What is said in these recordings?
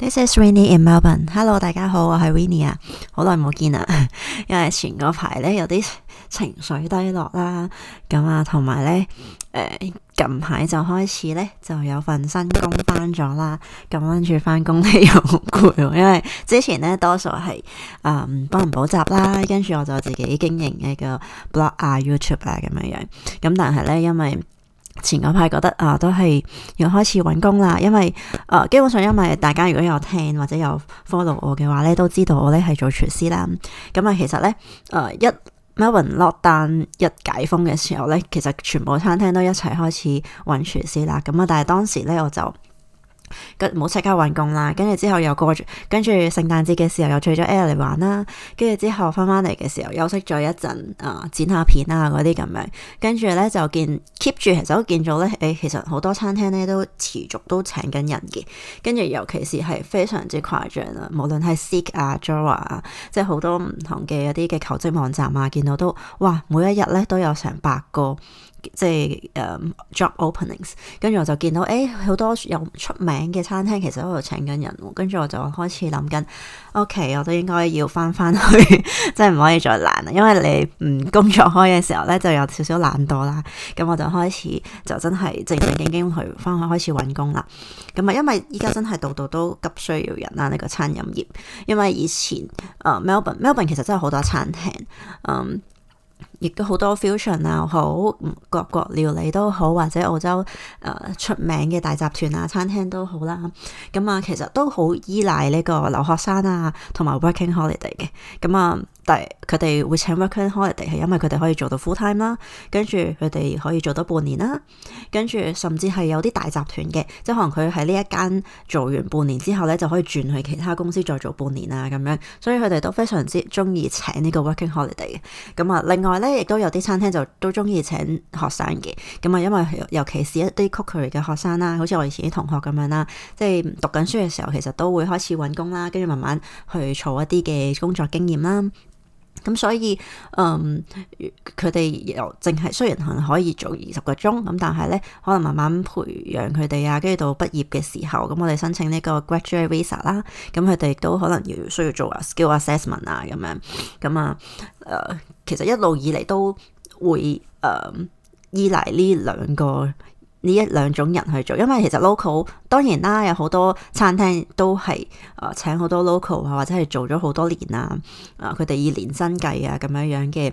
This is Winnie in Melbourne。Hello，大家好，我係 Winnie 啊，好耐冇見啦。因為前嗰排咧有啲情緒低落啦，咁啊，同埋咧，誒、呃，近排就開始咧就有份新工翻咗啦。咁跟住翻工咧又好攰，因為之前咧多數係誒幫人補習啦，跟、呃、住我就自己經營一個 blog 啊、YouTube 啊咁樣樣。咁但係咧因為前嗰排覺得啊、呃，都係要開始揾工啦，因為啊、呃，基本上因為大家如果有聽或者有 follow 我嘅話咧，都知道我咧係做廚師啦。咁、嗯、啊，其實咧，誒、呃、一 Melbourne lockdown 一解封嘅時候咧，其實全部餐廳都一齊開始揾廚師啦。咁、嗯、啊，但係當時咧我就。跟唔好即刻揾工啦，跟住之後又過住，跟住聖誕節嘅時候又取咗 Air 嚟玩啦，跟住之後翻翻嚟嘅時候休息咗一陣、呃、啊，剪下片啊嗰啲咁樣，跟住咧就見 keep 住，其實都見到咧，誒、欸，其實好多餐廳咧都持續都請緊人嘅，跟住尤其是係非常之誇張啦，無論係 Seek 啊、Jora 啊，即係好多唔同嘅一啲嘅求職網站啊，見到都哇，每一日咧都有成百個。即係誒、um, job openings，跟住我就見到誒好、欸、多有出名嘅餐廳，其實喺度請緊人，跟住我就開始諗緊，OK，我都應該要翻翻去，即係唔可以再懶啦，因為你唔工作開嘅時候咧，就有少少懶惰啦。咁我就開始就真係正正經經去翻去開始揾工啦。咁啊，因為依家真係度度都急需要人啦、啊，呢、呢個餐飲業。因為以前誒、uh, Melbourne，Melbourne 其實真係好多餐廳，嗯、um,。亦都好多 fusion 啊，好各國料理都好，或者澳洲出名嘅大集團啊餐廳都好啦。咁啊，其實都好依賴呢個留學生啊，同埋 working holiday 嘅。咁啊～佢哋會請 working holiday 係因為佢哋可以做到 full time 啦，跟住佢哋可以做到半年啦，跟住甚至係有啲大集團嘅，即係可能佢喺呢一間做完半年之後咧，就可以轉去其他公司再做半年啊咁樣，所以佢哋都非常之中意請呢個 working holiday 嘅。咁啊，另外咧亦都有啲餐廳就都中意請學生嘅，咁啊，因為尤其是一啲 cookery 嘅學生啦，好似我以前啲同學咁樣啦，即係讀緊書嘅時候其實都會開始揾工啦，跟住慢慢去儲一啲嘅工作經驗啦。咁所以，嗯，佢哋又淨係雖然可以做二十個鐘，咁但係咧，可能慢慢培養佢哋啊，跟住到畢業嘅時候，咁我哋申請呢個 graduate visa 啦，咁佢哋都可能要需要做 skill assessment 啊，咁樣，咁啊，誒、呃，其實一路以嚟都會誒、呃、依賴呢兩個。呢一兩種人去做，因為其實 local 當然啦，有好多餐廳都係誒、呃、請好多 local 多啊，或者係做咗好多年啦。啊，佢哋以年薪計啊，咁樣樣嘅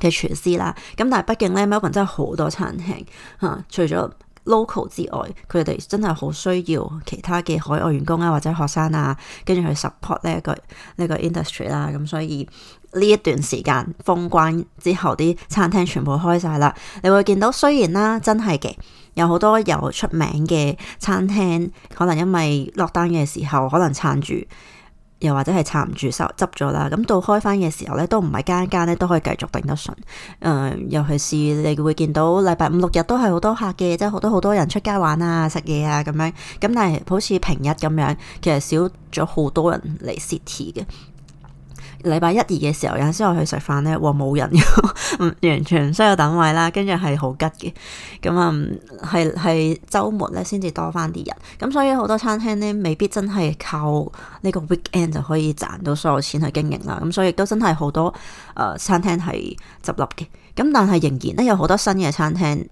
嘅廚師啦。咁但係畢竟咧，Melbourne 真係好多餐廳嚇，除咗 local 之外，佢哋真係好需要其他嘅海外員工啊，或者學生啊，跟住去 support 呢、這、一個呢、這個 industry 啦。咁、嗯、所以呢一段時間封關之後，啲餐廳全部開晒啦。你會見到雖然啦，真係嘅。有好多有出名嘅餐廳，可能因為 lockdown 嘅時候可能撐住，又或者係撐唔住收執咗啦。咁到開返嘅時候咧，都唔係間間咧都可以繼續頂得順。誒、呃，尤其是你會見到禮拜五六日都係好多客嘅，即係好多好多人出街玩啊、食嘢啊咁樣。咁但係好似平日咁樣，其實少咗好多人嚟 city 嘅。禮拜一二嘅時候，有陣時我去食飯呢，哇，冇人，完全唔需要等位啦。跟住係好吉嘅，咁、嗯、啊，係係週末呢先至多翻啲人。咁所以好多餐廳呢，未必真係靠呢個 weekend 就可以賺到所有錢去經營啦。咁所以亦都真係好多誒、呃、餐廳係執笠嘅。咁但係仍然呢，有好多新嘅餐廳。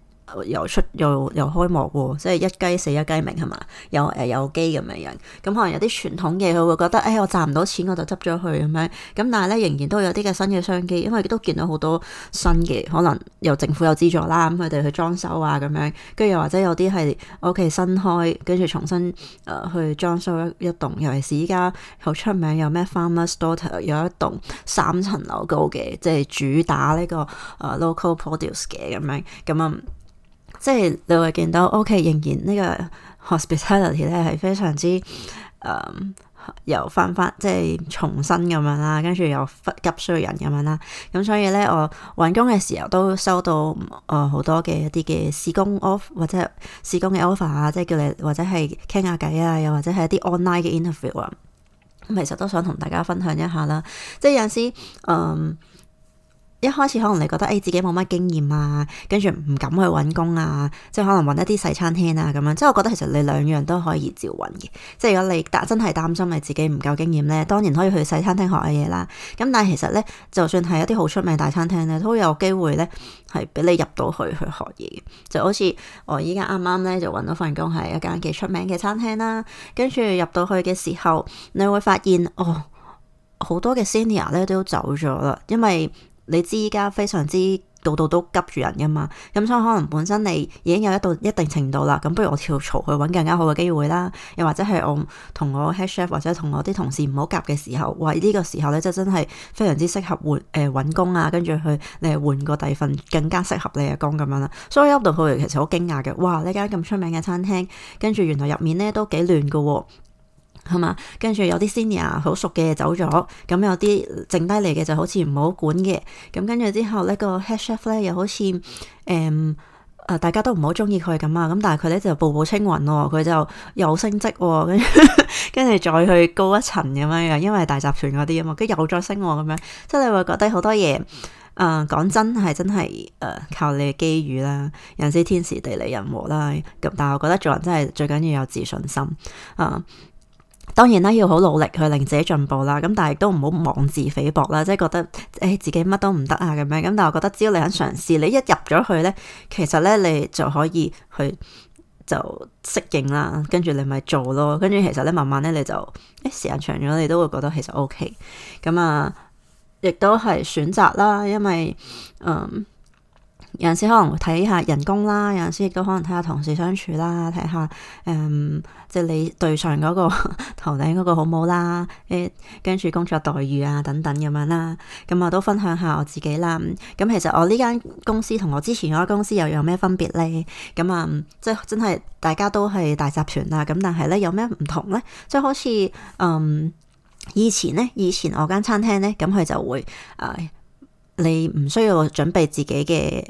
又出又又開幕喎，即係一雞死一雞鳴係嘛？有誒、呃、有機咁樣樣，咁、嗯、可能有啲傳統嘅，佢會覺得，誒、哎、我賺唔到錢我就執咗去咁樣，咁但係咧仍然都有啲嘅新嘅商機，因為都見到好多新嘅，可能由政府有資助啦，咁佢哋去裝修啊咁樣，跟住又或者有啲係屋企新開，跟住重新誒、呃、去裝修一,一棟，尤其是依家好出名有咩 Farmers Daughter 有一棟三層樓高嘅，即係主打呢、這個誒、呃、local produce 嘅咁樣，咁啊～即係你會見到，OK，仍然呢個 hospitality 咧係非常之誒，又、呃、翻翻即係重新咁樣啦，跟住又忽急需人咁樣啦。咁所以咧，我揾工嘅時候都收到誒好、呃、多嘅一啲嘅施工 off 或者係施工嘅 offer 啊，即係叫你或者係傾下偈啊，又或者係一啲 online 嘅 interview 啊。咁其實都想同大家分享一下啦，即係有陣時嗯。呃一開始可能你覺得誒自己冇乜經驗啊，跟住唔敢去揾工啊，即係可能揾一啲細餐廳啊咁樣。即係我覺得其實你兩樣都可以照揾嘅。即係如果你真係擔心你自己唔夠經驗呢，當然可以去細餐廳學下嘢啦。咁但係其實呢，就算係一啲好出名大餐廳呢，都會有機會呢係俾你入到去去學嘢嘅。就好似我依家啱啱呢，就揾到份工係一間幾出名嘅餐廳啦，跟住入到去嘅時候，你會發現哦好多嘅 senior 咧都走咗啦，因為，你知依家非常之度度都急住人噶嘛，咁所以可能本身你已經有一度一定程度啦，咁不如我跳槽去揾更加好嘅機會啦，又或者係我同我 head chef 或者同我啲同事唔好夾嘅時候，或呢個時候咧就真係非常之適合換誒揾、呃、工啊，跟住去誒換個第二份更加適合你嘅工咁樣啦。所以入到鋪其實好驚訝嘅，哇！呢間咁出名嘅餐廳，跟住原來入面咧都幾亂噶喎、啊。係嘛，跟住有啲 senior 好熟嘅走咗，咁有啲剩低嚟嘅就好似唔好管嘅。咁跟住之後呢個 head chef 咧，又好似誒誒，大家都唔好中意佢咁啊。咁但係佢咧就步步青雲喎，佢就又升職跟，跟住再去高一層咁樣樣，因為大集團嗰啲啊嘛，佢又再升咁、哦、樣，即係你會覺得好多嘢誒、呃，講真係真係誒、呃，靠你嘅機遇啦，有陣時天時地利人和啦。咁但係我覺得做人真係最緊要有自信心啊。呃當然啦，要好努力去令自己進步啦。咁但係都唔好妄自菲薄啦，即係覺得誒自己乜都唔得啊咁樣。咁但係我覺得只要你肯嘗試，你一入咗去咧，其實咧你就可以去就適應啦。跟住你咪做咯。跟住其實咧，慢慢咧你就誒、欸、時間長咗，你都會覺得其實 OK。咁啊，亦都係選擇啦，因為嗯。有陣時可能睇下人工啦，有陣時亦都可能睇下同事相處啦，睇下誒，即、嗯、係、就是、你對上嗰個頭頂嗰個好唔好啦，誒、欸，跟住工作待遇啊等等咁樣啦，咁啊都分享下我自己啦。咁、嗯、其實我呢間公司同我之前嗰間公司又有咩分別咧？咁、嗯、啊，即係真係大家都係大集團啦，咁但係咧有咩唔同咧？即係好似嗯以前咧，以前我間餐廳咧，咁佢就會誒。哎你唔需要準備自己嘅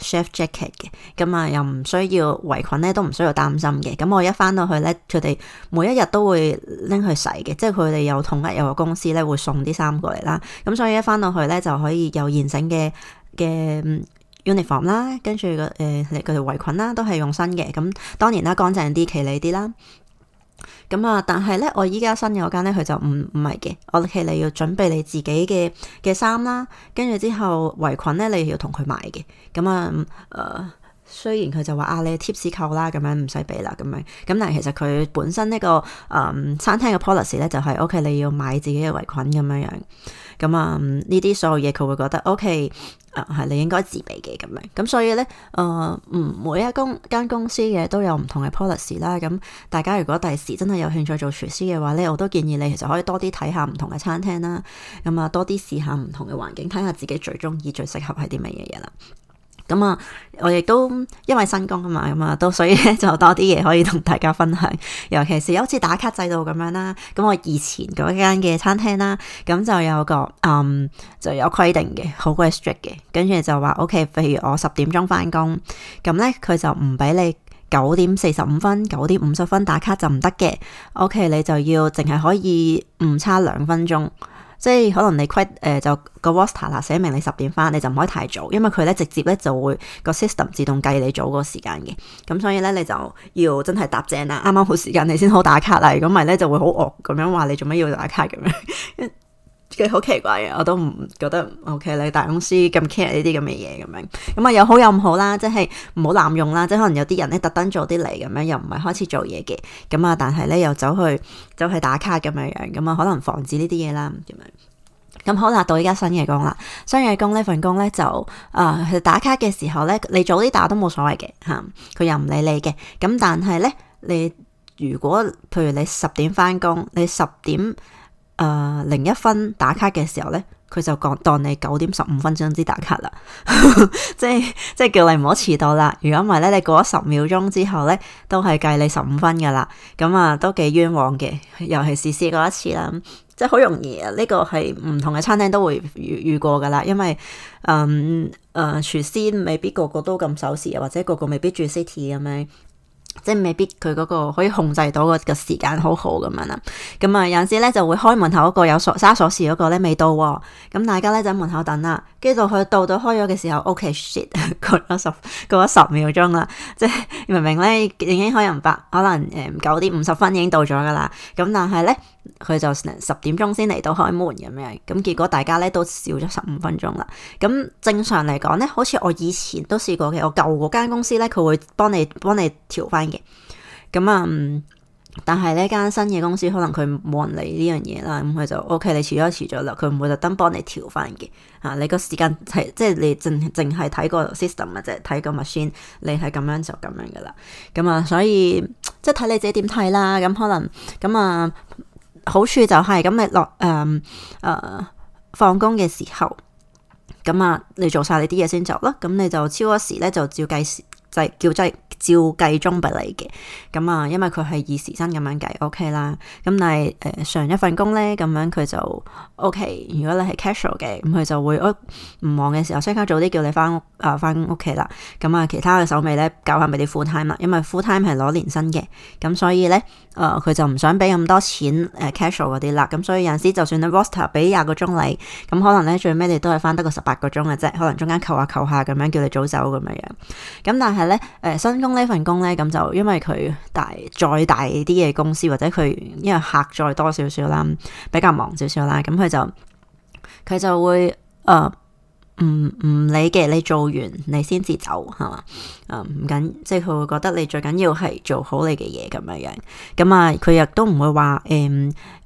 誒 chef jacket 嘅，咁、呃、啊又唔需要圍裙咧，都唔需要擔心嘅。咁我一返到去咧，佢哋每一日都會拎去洗嘅，即係佢哋有統一有個公司咧會送啲衫過嚟啦。咁所以一返到去咧就可以有現成嘅嘅 uniform 啦，uniform，跟住個誒佢哋圍裙啦都係用新嘅。咁當然啦，乾淨啲，企理啲啦。咁啊，但係咧，我依家新嗰間咧，佢就唔唔係嘅。我哋係你要準備你自己嘅嘅衫啦，跟住之後圍裙咧，你要同佢買嘅。咁啊，誒、呃，雖然佢就話啊，你 tips 扣啦，咁樣唔使俾啦，咁樣，咁但係其實佢本身呢、這個誒、嗯、餐廳嘅 policy 咧，就係 OK，你要買自己嘅圍裙咁樣樣。咁啊，呢、嗯、啲所有嘢佢會覺得 OK。OK, 啊，係你應該自備嘅咁樣咁，所以咧，誒、呃、唔每一間公司嘅都有唔同嘅 policy 啦。咁大家如果第時真係有興趣做廚師嘅話咧，我都建議你其實可以多啲睇下唔同嘅餐廳啦。咁啊，多啲試下唔同嘅環境，睇下自己最中意、最適合係啲乜嘢嘢啦。咁啊，我亦都因為新工啊嘛，咁啊都所以咧就多啲嘢可以同大家分享，尤其是好似打卡制度咁樣啦。咁我以前嗰間嘅餐廳啦，咁就有個嗯就有規定嘅，好鬼 strict 嘅，跟住就話 OK，譬如我十點鐘翻工，咁咧佢就唔俾你九點四十五分、九點五十分打卡就唔得嘅。OK，你就要淨係可以唔差兩分鐘。即係可能你 quit 誒、呃、就、個 WhatsApp 啦，寫明你十點返，你就唔可以太早，因為佢咧直接咧就會、個 system 自動計你早個時間嘅。咁所以咧你就要真係答正啦，啱啱好時間你先好打卡啦，如果唔係咧就會好惡咁樣，話你做乜要打卡咁樣。 佢好 奇怪嘅，我都唔覺得 OK。你大公司咁 care 呢啲咁嘅嘢，咁樣咁啊，有好有唔好啦，即係唔好濫用啦，即係可能有啲人咧特登早啲嚟咁樣，又唔係開始做嘢嘅，咁啊，但係咧又走去走去打卡咁樣樣，咁啊可能防止呢啲嘢啦咁樣。咁好啦，到依家新嘅工啦，新嘅工呢份工咧就啊、呃，打卡嘅時候咧，你早啲打都冇所謂嘅嚇，佢又唔理你嘅。咁但係咧，你如果譬如你十點翻工，你十點。誒，零一分打卡嘅時候呢，佢就講當你九點十五分鐘之打卡啦， 即係即係叫你唔好遲到啦。如果唔係咧，你過咗十秒鐘之後呢，都係計你十五分噶啦。咁啊，都幾冤枉嘅，尤其是試過一次啦，即係好容易啊。呢個係唔同嘅餐廳都會遇遇過噶啦，因為嗯誒廚師未必個個都咁守時，或者個個未必住 city 咁樣。即係未必佢嗰個可以控制到個個時間好好咁樣啦，咁啊有陣時咧就會開門口嗰個有鎖閂鎖匙嗰個咧未到哦，咁大家咧就喺門口等啦，跟住到佢到咗開咗嘅時候，OK shit，過咗十過咗十秒鐘啦，即係明明咧已經開人八，可能誒九、呃、點五十分已經到咗噶啦，咁但係咧。佢就十點鐘先嚟到開門咁樣，咁結果大家咧都少咗十五分鐘啦。咁正常嚟講咧，好似我以前都試過嘅，我舊嗰間公司咧，佢會幫你幫你調翻嘅。咁啊，但係呢間新嘅公司可能佢冇人理呢樣嘢啦。咁佢就 OK，你遲咗遲咗啦，佢唔會特登幫你調翻嘅。啊，你個時間係即係你淨淨係睇個 system 啊，即係睇個 machine，你係咁樣就咁樣噶啦。咁啊，所以即係睇你自己點睇啦。咁可能咁啊。好處就係咁，你落誒誒放工嘅時候，咁啊，你做晒你啲嘢先走啦。咁你就超嗰時咧，就照計時。就係叫即係照計鐘俾你嘅，咁啊，因為佢係以時薪咁樣計，OK 啦。咁但係誒上一份工咧，咁樣佢就 OK。如果你係 casual 嘅，咁佢就會唔忙嘅時候，即刻早啲叫你翻屋啊，翻屋企啦。咁啊，其他嘅手尾咧，搞下俾啲 full time 啦，因為 full time 係攞年薪嘅。咁所以咧，誒佢就唔想俾咁多錢誒 casual 嗰啲啦。咁所以有陣時，就算你 roster 俾廿個鐘你，咁可能咧最尾你都係翻得個十八個鐘嘅啫，可能中間扣下扣下咁樣叫你早走咁樣樣。咁但係咧，誒、呃、新工呢份工咧，咁就因為佢大，再大啲嘅公司或者佢因為客再多少少啦，比較忙少少啦，咁佢就佢就會誒。呃唔唔理嘅，你做完你先至走係嘛？啊，唔、嗯、緊即係佢會覺得你最緊要係做好你嘅嘢，咁樣樣咁啊。佢亦都唔會話誒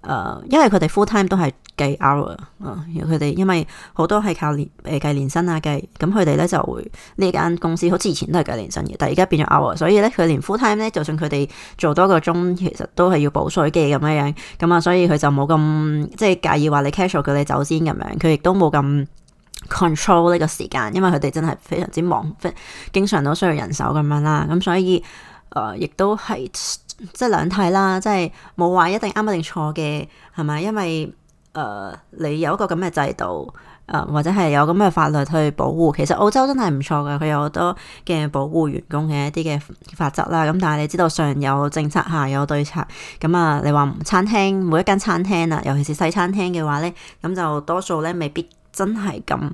誒，因為佢哋 full time 都係計 hour。佢哋因為好多係靠年誒計、呃、年薪啊計咁，佢哋咧，就會呢間公司好似以前都係計年薪嘅，但係而家變咗 hour，所以咧佢連 full time 咧，就算佢哋做多個鐘，其實都係要補水嘅，咁樣樣咁啊。所以佢就冇咁即係介意話你 casual 佢你走先咁樣，佢亦都冇咁。Control 呢個時間，因為佢哋真係非常之忙，即經常都需要人手咁樣啦。咁所以，誒、呃、亦都係即係兩睇啦，即係冇話一定啱一定錯嘅，係咪？因為誒、呃、你有一個咁嘅制度，誒、呃、或者係有咁嘅法律去保護。其實澳洲真係唔錯嘅，佢有好多嘅保護員工嘅一啲嘅法則啦。咁但係你知道上有政策下有對策，咁啊你話餐廳每一間餐廳啊，尤其是西餐廳嘅話咧，咁就多數咧未必。真係咁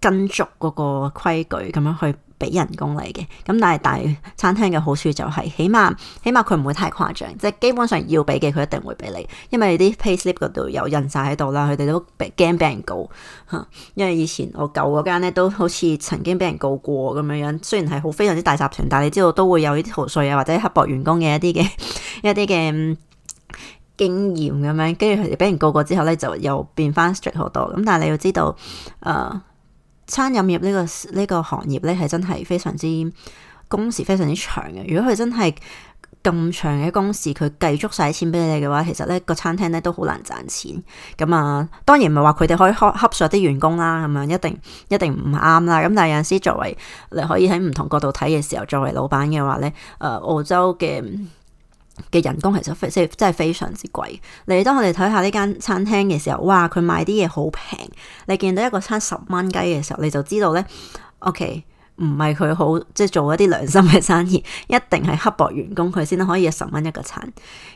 跟足嗰個規矩咁樣去俾人工嚟嘅，咁但係大餐廳嘅好處就係，起碼起碼佢唔會太誇張，即係基本上要俾嘅佢一定會俾你，因為啲 pay slip 嗰度有印晒喺度啦，佢哋都驚俾人告，因為以前我舊嗰間咧都好似曾經俾人告過咁樣樣，雖然係好非常之大集團，但係你知道都會有呢啲逃稅啊或者刻薄員工嘅一啲嘅一啲嘅。經驗咁樣，跟住佢哋俾人告過之後咧，就又變翻 strict 好多。咁但係你要知道，誒、呃、餐飲業呢、呢個呢、呢個行業咧係真係非常之工時非常之長嘅。如果佢真係咁長嘅工時，佢計足晒錢俾你嘅話，其實咧個餐廳咧都好難賺錢。咁啊，當然唔係話佢哋可以恰苛索啲員工啦，咁樣、啊、一定一定唔啱啦。咁但係有陣時作為你可以喺唔同角度睇嘅時候，作為老闆嘅話咧，誒、呃、澳洲嘅。嘅人工其實非即係真係非常之貴。你當我哋睇下呢間餐廳嘅時候，哇！佢賣啲嘢好平。你見到一個餐十蚊雞嘅時候，你就知道咧。O.K. 唔係佢好，即係做一啲良心嘅生意，一定係刻薄員工，佢先可以十蚊一個餐。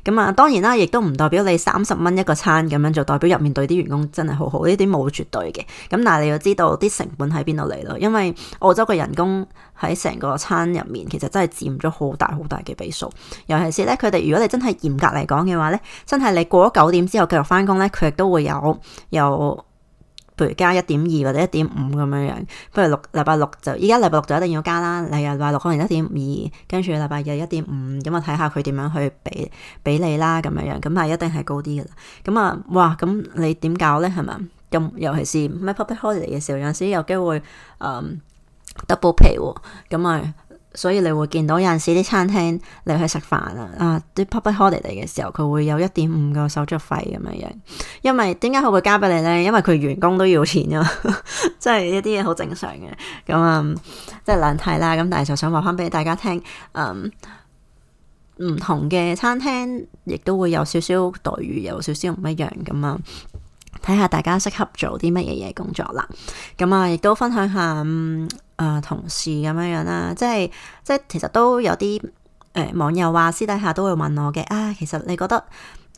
咁啊，當然啦，亦都唔代表你三十蚊一個餐咁樣，就代表入面對啲員工真係好好。呢啲冇絕對嘅，咁但係你要知道啲成本喺邊度嚟咯。因為澳洲嘅人工喺成個餐入面，其實真係佔咗好大好大嘅比數。尤其是咧，佢哋如果你真係嚴格嚟講嘅話咧，真係你過咗九點之後繼續翻工咧，佢亦都會有。有譬如加一點二或者一點五咁樣樣，不如六禮拜六就依家禮拜六就一定要加啦。禮拜六可能 2, 5, 一點二，跟住禮拜日一點五，咁我睇下佢點樣去俾俾你啦咁樣樣，咁啊一定係高啲噶啦。咁啊，哇，咁你點搞咧？係咪？咁尤其是咩 public holiday 嘅時候，有陣時有機會誒、嗯、double pay 喎。咁啊～所以你會見到有陣時啲餐廳你去食飯啊，啊、uh, 啲 public holiday 嘅時候，佢會有一點五個手續費咁樣樣。因為點解佢會交俾你呢？因為佢員工都要錢啊，即係呢啲嘢好正常嘅。咁、嗯、啊，即係兩睇啦。咁但係就想話翻俾大家聽，唔、嗯、同嘅餐廳亦都會有少少待遇，有少少唔一樣咁啊。睇、嗯、下大家適合做啲乜嘢嘢工作啦。咁、嗯、啊，亦、嗯、都分享下。嗯啊，同事咁樣樣啦，即係即係，其實都有啲誒、呃、網友啊，私底下都會問我嘅啊，其實你覺得誒、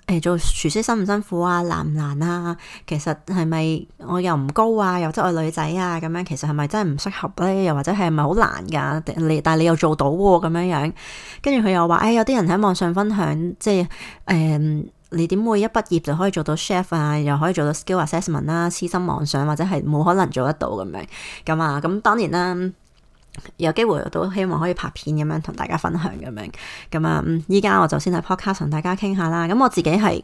呃、做廚師辛唔辛苦啊，難唔難啊？其實係咪我又唔高啊，又即係女仔啊，咁樣其實係咪真係唔適合咧？又或者係咪好難噶？你但係你又做到喎、啊，咁樣樣，跟住佢又話誒、哎，有啲人喺網上分享，即係誒。呃你點會一畢業就可以做到 chef 啊？又可以做到 skill assessment 啦，啊？痴心妄想或者係冇可能做得到咁樣咁啊？咁當然啦，有機會都希望可以拍片咁樣同大家分享咁樣咁啊。依家我就先喺 podcast 同大家傾下啦。咁我自己係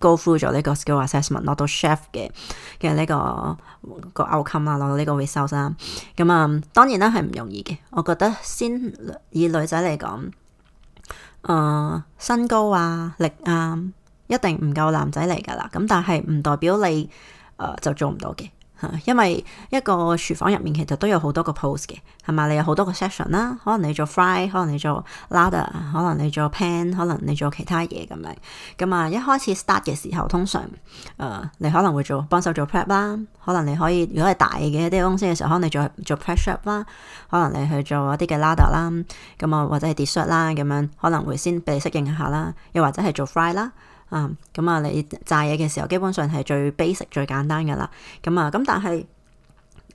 go through 咗呢個 skill assessment 攞到 chef 嘅嘅，呢，呢個，個 outcome 啦，攞到呢個 result 啦。咁啊，當然啦，係唔容易嘅。我覺得先以女仔嚟講，誒，呃，身高啊，力啊。一定唔夠男仔嚟噶啦，咁但係唔代表你誒、呃、就做唔到嘅，因為一個廚房入面其實都有好多個 pose 嘅，係咪？你有好多個 section 啦，可能你做 fry，可能你做 ladder，可能你做 pan，可能你做其他嘢咁樣。咁啊，一開始 start 嘅時候，通常誒、呃、你可能會做幫手做 prep 啦，可能你可以如果係大嘅一啲公司嘅時候，可能你做做 pressure up 啦，可能你去做一啲嘅 ladder 啦，咁啊或者係 dessert 啦咁樣，可能會先俾你適應一下啦，又或者係做 fry 啦。啊，咁啊、嗯嗯，你炸嘢嘅時候，基本上係最 basic、最簡單嘅啦。咁、嗯、啊，咁、嗯、但係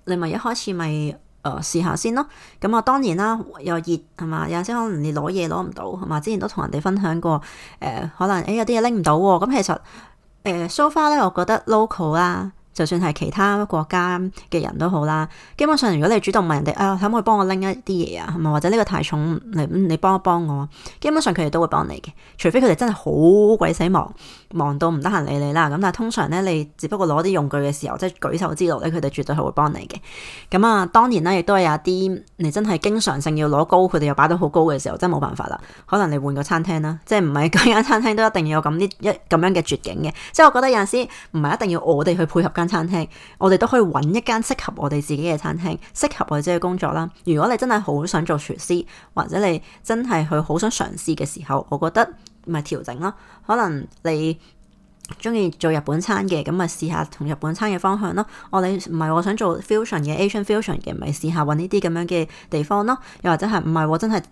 你咪一開始咪誒、呃、試下先咯。咁、嗯、啊、嗯，當然啦，又熱係嘛，有陣時可能你攞嘢攞唔到係嘛。之前都同人哋分享過誒、呃，可能誒、欸、有啲嘢拎唔到喎、啊。咁、嗯嗯、其實誒 so far 咧，呃、我覺得 local 啦。就算係其他國家嘅人都好啦，基本上如果你主動問人哋啊，可唔可以幫我拎一啲嘢啊，或者呢個太重，你你幫一幫我，基本上佢哋都會幫你嘅，除非佢哋真係好鬼死忙，忙到唔得閒理你啦。咁但係通常咧，你只不過攞啲用具嘅時候，即係舉手之勞咧，佢哋絕對係會幫你嘅。咁啊，當然啦，亦都係有啲你真係經常性要攞高，佢哋又擺到好高嘅時候，真係冇辦法啦。可能你換個餐廳啦，即係唔係間餐廳都一定要有咁啲一咁樣嘅絕境嘅。即係我覺得有時唔係一定要我哋去配合。間餐廳，我哋都可以揾一間適合我哋自己嘅餐廳，適合我哋自己嘅工作啦。如果你真係好想做廚師，或者你真係去好想嘗試嘅時候，我覺得咪調整咯。可能你中意做日本餐嘅，咁咪試下同日本餐嘅方向咯。我、哦、你唔係我想做 fusion 嘅 Asian fusion 嘅，咪試下揾呢啲咁樣嘅地方咯。又或者係唔係真係？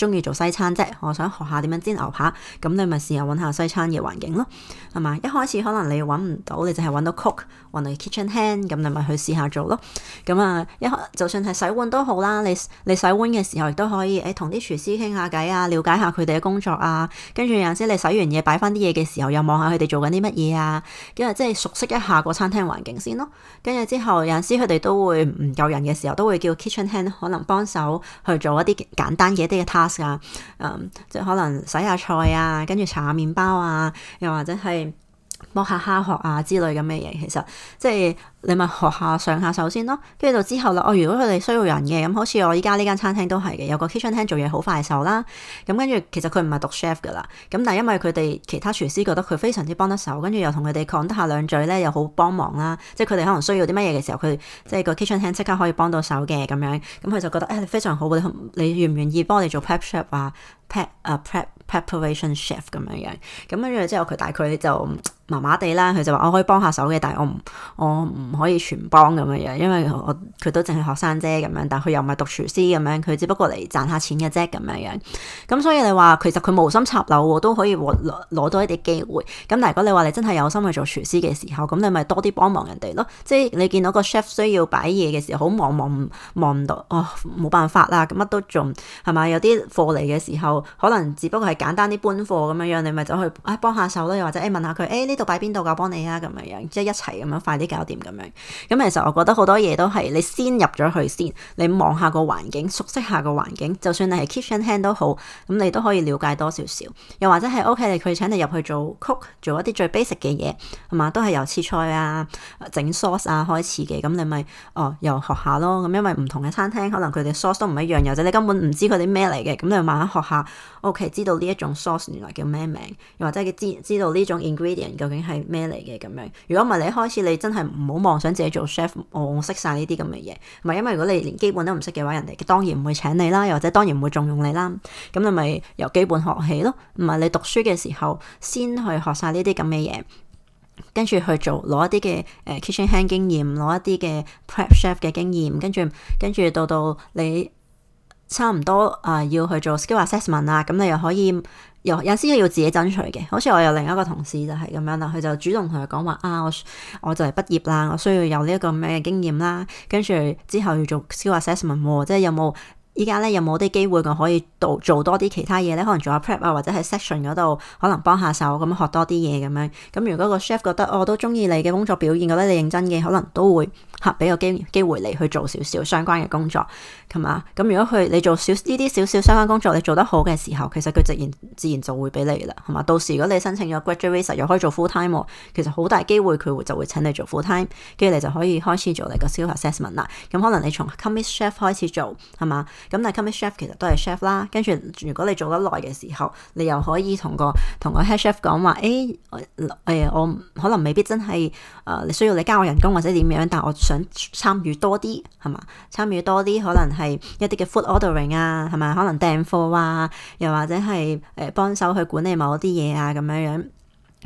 中意做西餐啫，我想學下點樣煎牛扒，咁你咪試下揾下西餐嘅環境咯，係嘛？一開始可能你揾唔到，你，到 ook, 到 hand, 你就係揾到 cook，揾到 kitchen hand，咁你咪去試下做咯。咁啊，一就算係洗碗都好啦，你你洗碗嘅時候亦都可以，誒同啲廚師傾下偈啊，了解下佢哋嘅工作啊。跟住有陣時你洗完嘢擺翻啲嘢嘅時候，又望下佢哋做緊啲乜嘢啊，跟住即係熟悉一下個餐廳環境先咯。跟住之後有陣時佢哋都會唔夠人嘅時候，都會叫 kitchen hand 可能幫手去做一啲簡單嘅一啲嘅啊、嗯，即係可能洗下菜啊，跟住搽下麵包啊，又或者係，剝下蝦殼啊之類咁嘅嘢，其實即係你咪學下上下手先咯。跟住到之後啦。哦，如果佢哋需要人嘅，咁好似我依家呢間餐廳都係嘅。有個 kitchen hand 做嘢好快手啦。咁跟住其實佢唔係讀 chef 噶啦。咁但係因為佢哋其他廚師覺得佢非常之幫得手，跟住又同佢哋講得下兩嘴咧，又好幫忙啦。即係佢哋可能需要啲乜嘢嘅時候，佢即係個 kitchen hand 即刻可以幫到手嘅咁樣。咁佢就覺得誒、哎、非常好，你你願唔願意幫我哋做 prep chef 啊 prep、uh, 啊 prep preparation chef 咁樣樣。咁跟住之後佢大概就。麻麻地啦，佢就話我可以幫下手嘅，但係我唔我唔可以全幫咁樣樣，因為我佢都淨係學生啫咁樣，但係佢又唔係讀廚師咁樣，佢只不過嚟賺下錢嘅啫咁樣樣。咁所以你話其實佢無心插柳都可以獲攞攞多一啲機會。咁但係如果你話你真係有心去做廚師嘅時候，咁你咪多啲幫忙人哋咯。即係你見到個 chef 需要擺嘢嘅時候，好忙忙唔忙唔到，哦冇辦法啦，咁乜都做係咪有啲貨嚟嘅時候，可能只不過係簡單啲搬貨咁樣樣，你咪走去啊幫下手啦，又或者誒問下佢誒呢，欸到擺邊度㗎？幫你啊，咁樣樣即係一齊咁樣快啲搞掂咁樣。咁其實我覺得好多嘢都係你先入咗去先，你望下個環境，熟悉下個環境。就算你係 kitchen hand 都好，咁你都可以了解多少少。又或者喺屋企嚟，佢、OK，請你入去做 cook，做一啲最 basic 嘅嘢係嘛，都係由切菜啊、整 sauce 啊開始嘅。咁你咪哦，又學下咯。咁因為唔同嘅餐廳可能佢哋 sauce 都唔一樣，又或者你根本唔知佢哋咩嚟嘅。咁你慢慢學下，OK，知道呢一種 sauce 原來叫咩名，又或者佢知知道呢種 ingredient。究竟係咩嚟嘅咁樣？如果唔係你一開始，你真係唔好妄想自己做 chef，哦，我我識晒呢啲咁嘅嘢。唔係，因為如果你連基本都唔識嘅話，人哋當然唔會請你啦，又或者當然唔會重用你啦。咁你咪由基本學起咯。唔係你讀書嘅時候先去學晒呢啲咁嘅嘢，跟住去做攞一啲嘅誒 kitchen hand 經驗，攞一啲嘅 prep chef 嘅經驗，跟住跟住到到你，差唔多啊、呃，要去做 skill assessment 啦、啊，咁你又可以又有時要自己爭取嘅，好似我有另一個同事就係咁樣啦，佢就主動同佢講話啊，我我就嚟畢業啦，我需要有呢一個咩嘅經驗啦，跟、啊、住之後要做 skill assessment，啊、即係有冇？依家咧有冇啲機會我可以做做多啲其他嘢咧？可能做下 prep 啊，或者喺 section 嗰度可能幫下手咁，學多啲嘢咁樣。咁如果個 chef 覺得、哦、我都中意你嘅工作表現，覺得你認真嘅，可能都會嚇俾個機會機會你去做少少相關嘅工作係嘛？咁如果佢你做少呢啲少少相關工作，你做得好嘅時候，其實佢自然自然就會俾你啦，係嘛？到時如果你申請咗 graduate visa，又可以做 full time，其實好大機會佢就會請你做 full time，跟住你就可以開始做你個 self assessment 啦。咁可能你從 commis chef 開始做係嘛？咁但係 commis chef 其實都係 chef 啦，跟住如果你做得耐嘅時候，你又可以同個同個 head chef 講話，誒、欸、誒我、欸、我可能未必真係誒你需要你加我人工或者點樣，但係我想參與多啲係嘛？參與多啲可能係一啲嘅 food ordering 啊，係咪？可能訂貨啊，又或者係誒、呃、幫手去管理某啲嘢啊咁樣樣。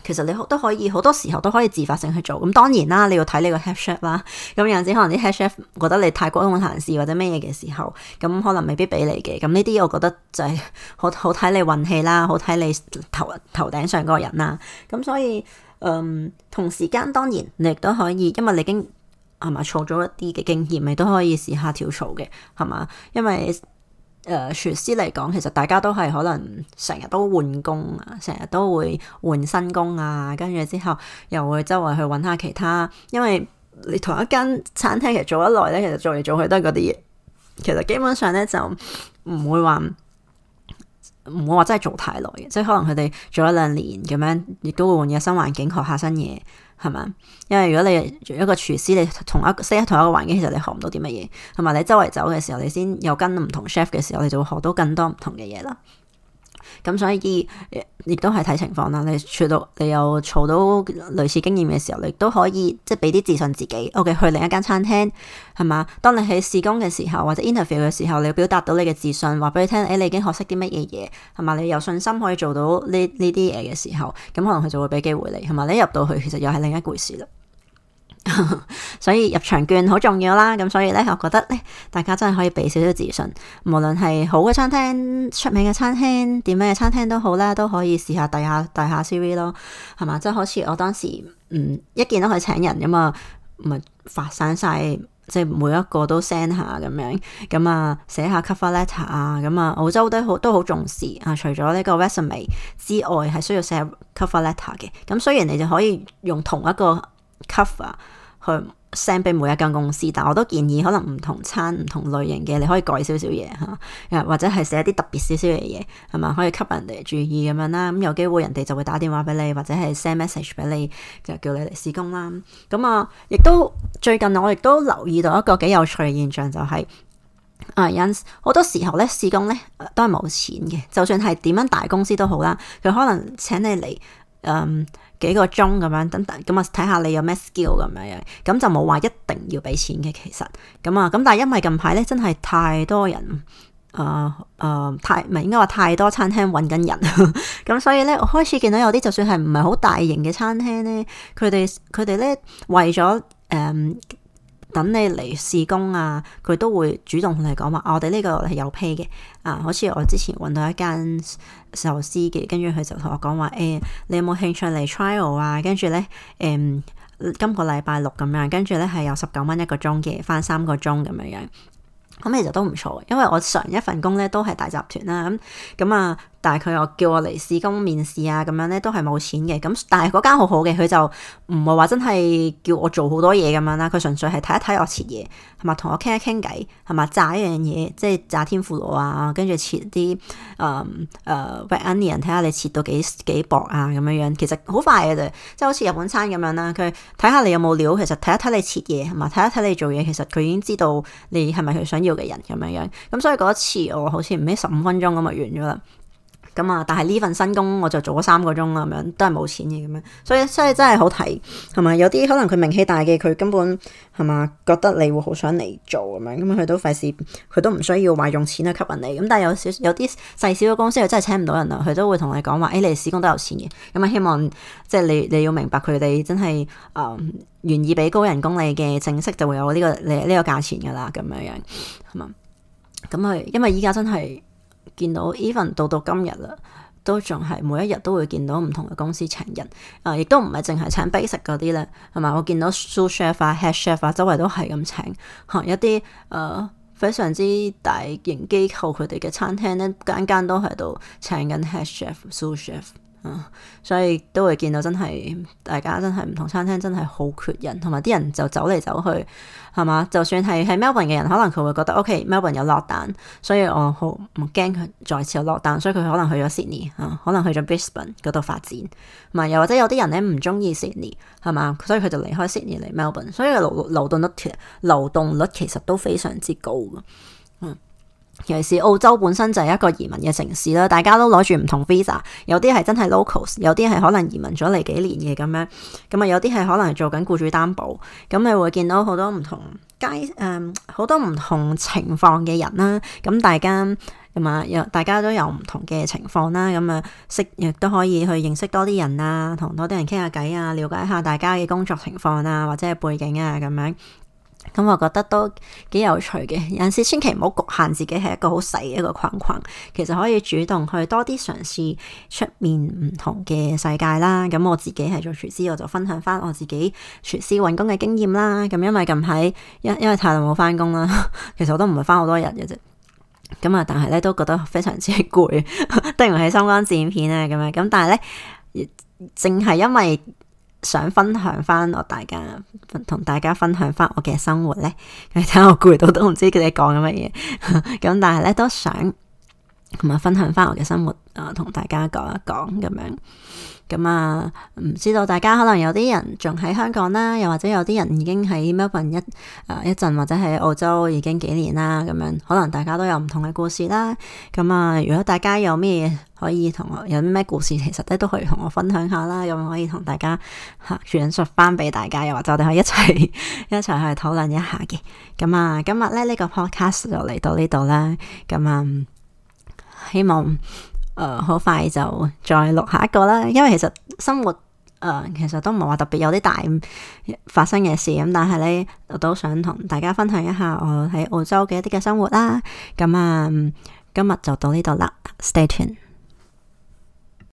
其實你都可以，好多時候都可以自發性去做。咁當然啦，你要睇你個 head chef 啦。咁有陣時可能啲 head chef 覺得你太過閒事或者咩嘢嘅時候，咁可能未必俾你嘅。咁呢啲我覺得就係好好睇你運氣啦，好睇你頭頭頂上嗰個人啦。咁所以，嗯，同時間當然你亦都可以，因為你已經係嘛，做咗一啲嘅經驗，你都可以試下跳槽嘅，係嘛，因為。誒、呃、廚師嚟講，其實大家都係可能成日都換工啊，成日都會換新工啊，跟住之後又會周圍去揾下其他，因為你同一間餐廳其實做得耐咧，其實做嚟做去都係嗰啲嘢，其實基本上咧就唔會話唔會話真係做太耐嘅，即係可能佢哋做一兩年咁樣，亦都會換個新環境學下新嘢。係嘛？因為如果你做一個廚師，你同一喺同一個環境，其實你學唔到啲乜嘢。同埋你周圍走嘅時候，你先有跟唔同 chef 嘅時候，你就會學到更多唔同嘅嘢啦。咁、嗯、所以亦都係睇情況啦。你做到你有儲到類似經驗嘅時候，你都可以即係俾啲自信自己。OK，去另一間餐廳係嘛？當你喺試工嘅時候或者 interview 嘅時候，你要表達到你嘅自信，話俾佢聽，誒、欸、你已經學識啲乜嘢嘢係嘛？你有信心可以做到呢呢啲嘢嘅時候，咁、嗯、可能佢就會俾機會你。係嘛？你一入到去，其實又係另一回事啦。 所以入場券好重要啦，咁所以咧，我覺得咧，大家真係可以俾少少自信，無論係好嘅餐廳、出名嘅餐廳、點樣嘅餐廳都好啦，都可以試下遞下遞下 CV 咯，係嘛，即係好似我當時，嗯，一見到佢請人咁啊，咪發散晒，即係每一個都 send 下咁樣，咁啊，寫下 cover letter 啊，咁啊，澳洲都好都好重視啊，除咗呢個 resume 之外，係需要寫 cover letter 嘅，咁雖然你就可以用同一個。cover 去 send 俾每一間公司，但我都建議可能唔同餐唔同類型嘅，你可以改少少嘢吓，或者係寫一啲特別少少嘅嘢，係嘛可以吸引人哋注意咁樣啦。咁有機會，人哋就會打電話俾你，或者係 send message 俾你，就叫你嚟試工啦。咁啊，亦都最近我亦都留意到一個幾有趣嘅現象，就係、是、啊，有好多時候咧試工咧都係冇錢嘅，就算係點樣大公司都好啦，佢可能請你嚟。嗯，幾個鐘咁樣等等，咁啊睇下你有咩 skill 咁樣樣，咁就冇話一定要俾錢嘅其實，咁啊咁，但係因為近排咧真係太多人，啊、呃、啊、呃、太唔係應該話太多餐廳揾緊人，咁 所以咧我開始見到有啲就算係唔係好大型嘅餐廳咧，佢哋佢哋咧為咗誒，呃等你嚟試工啊，佢都會主動同你講話、啊。我哋呢個係有 pay 嘅啊，好似我之前揾到一間壽司嘅，跟住佢就同我講話，誒、哎，你有冇興趣嚟 trial 啊？跟住咧，誒、嗯，今個禮拜六咁樣，跟住咧係有十九蚊一個鐘嘅，返三個鐘咁樣樣，咁其實都唔錯。因為我上一份工咧都係大集團啦，咁、嗯、咁啊。但係佢又叫我嚟試工面試啊，咁樣咧都係冇錢嘅。咁但係嗰間好好嘅，佢就唔係話真係叫我做好多嘢咁樣啦。佢純粹係睇一睇我切嘢，係嘛同我傾一傾偈，係嘛炸一樣嘢，即係炸天婦羅啊，跟住切啲誒誒 white onion 睇下你切到幾幾薄啊，咁樣樣其實好快嘅啫即係好似日本餐咁樣啦。佢睇下你有冇料，其實睇一睇你切嘢係嘛，睇一睇你做嘢，其實佢已經知道你係咪佢想要嘅人咁樣樣。咁所以嗰次我好似唔知十五分鐘咁啊，完咗啦。咁啊！但係呢份新工我就做咗三個鐘啦，咁樣都係冇錢嘅咁樣，所以所以真係好睇，係咪？有啲可能佢名氣大嘅，佢根本係嘛覺得你會好想嚟做咁樣，咁佢都費事，佢都唔需要話用錢去吸引你。咁但係有少有啲細小嘅公司，佢真係請唔到人啊，佢都會同你講話，誒、哎，你哋試工都有錢嘅，咁啊，希望即係、就是、你你要明白佢哋真係誒、呃、願意俾高人工你嘅正式就會有呢、這個呢、這個價錢㗎喇，咁樣樣係嘛？咁佢因為依家真係。見到 even 到到今日啦，都仲係每一日都會見到唔同嘅公司請人，啊，亦都唔係淨係請 basic 嗰啲咧，係咪？我見到 sous chef 啊，head chef 啊，周圍都係咁請，嚇一啲誒非常之大型機構佢哋嘅餐廳咧，間間都喺度請緊 head chef、sous chef。嗯、所以都會見到真係，大家真係唔同餐廳真係好缺人，同埋啲人就走嚟走去，係嘛？就算係喺 Melbourne 嘅人，可能佢會覺得 O.K. Melbourne 有 lockdown，所以我好唔驚佢再次有 lockdown，所以佢可能去咗 Sydney，啊，可能去咗 Brisbane 嗰度發展，唔、嗯、係又或者有啲人咧唔中意 Sydney，係嘛？所以佢就離開 Sydney 嚟 Melbourne，所以流流動率流動率其實都非常之高。尤其是澳洲本身就係一個移民嘅城市啦，大家都攞住唔同 visa，有啲係真係 locals，有啲係可能移民咗嚟幾年嘅咁樣，咁啊有啲係可能做緊僱主擔保，咁你會見到好多唔同街誒呃、好多唔同情況嘅人啦，咁大家咁啊，大家都有唔同嘅情況啦，咁啊識亦都可以去認識多啲人啊，同多啲人傾下偈啊，了解下大家嘅工作情況啊，或者係背景啊咁樣。咁我覺得都幾有趣嘅，有陣時千祈唔好局限自己係一個好細嘅一個框框，其實可以主動去多啲嘗試出面唔同嘅世界啦。咁我自己係做廚師，我就分享翻我自己廚師揾工嘅經驗啦。咁因為近排因因為太耐冇翻工啦，其實我都唔係翻好多人嘅啫。咁啊，但係咧都覺得非常之攰，當然係相關剪片啊咁樣。咁但係咧，正係因為。想分享翻我大家，同大家分享翻我嘅生活咧。你睇我攰到都唔知佢哋講緊乜嘢，咁但係咧都想。同埋分享翻我嘅生活，呃、講講啊，同大家講一講咁樣。咁啊，唔知道大家可能有啲人仲喺香港啦，又或者有啲人已經喺 Melbourne 一誒、呃、一陣，或者喺澳洲已經幾年啦。咁樣，可能大家都有唔同嘅故事啦。咁啊，如果大家有咩可以同我有啲咩故事，其實咧都可以同我分享下啦。又可以同大家吓轉述翻俾大家，又或者我哋可以一齊 一齊去討論一下嘅。咁啊，今日咧呢、這個 podcast 就嚟到呢度啦。咁啊。希望誒，好、呃、快就再錄下一個啦，因為其實生活誒、呃，其實都唔係話特別有啲大發生嘅事咁，但係咧我都想同大家分享一下我喺澳洲嘅一啲嘅生活啦。咁、嗯、啊，今日就到呢度啦，Stay tuned。